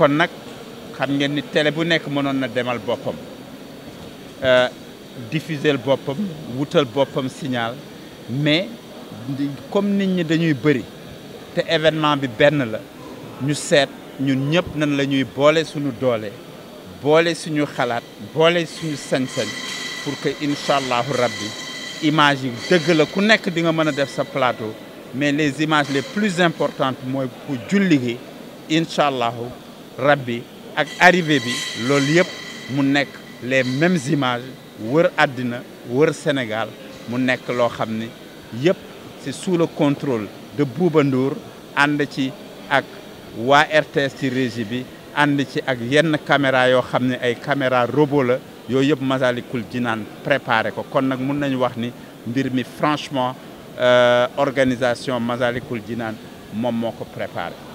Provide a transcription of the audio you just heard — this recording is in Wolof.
kon nag xam ngeen ni télé bu nekk mënoon na demal boppam euh, diffuser boppam wutal boppam signal mais comme nit ñi dañuy bëri te événement bi benn la ñu seet ñun ñëpp nan la ñuy boole suñu doole boole suñu xalaat boole suñu sañ-sañ pour que incha allahu rabbi image yi dëgg la ku nekk di nga mën a def sa plateau mais les images les plus importantes mooy ku julli gi incha allahu rab bi ak arrivé bi loolu yëpp mu nekk les mêmes images wër àddina wër Sénégal mu nekk loo xam ni yëpp si suula le contrôle de Bouba ànd ci ak waa RTS ci régie bi ànd ci ak yenn caméra yoo xam ne ay caméra robot la yooyu yëpp Masalikul Jinaan préparé ko kon nag mun nañu wax ni mbir mi franchement euh, organisation Masalikul Jinaan moom moo ko préparé